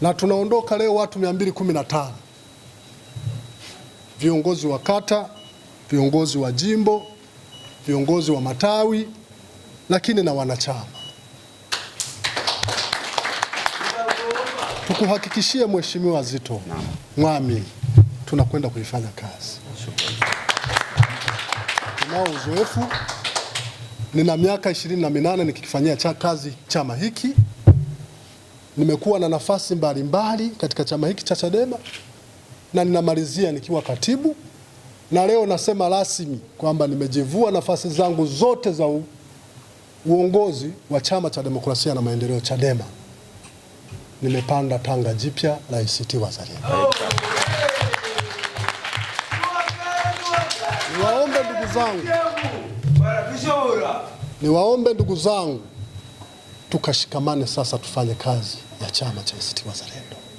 na tunaondoka leo watu 215 viongozi wa kata, viongozi wa jimbo, viongozi wa matawi, lakini na wanachama. Tukuhakikishie Mheshimiwa zito Mwami, tunakwenda kuifanya kazi. Tunao uzoefu, nina miaka ishirini na minane nikikifanyia cha kazi chama hiki nimekuwa na nafasi mbalimbali mbali katika chama hiki cha Chadema na ninamalizia nikiwa katibu, na leo nasema rasmi kwamba nimejivua nafasi zangu zote za u, uongozi wa chama cha demokrasia na maendeleo Chadema. Nimepanda tanga jipya la ACT Wazalendo. Niwaombe ndugu zangu, niwaombe ndugu zangu tukashikamane sasa, tufanye kazi ya chama cha ACT Wazalendo.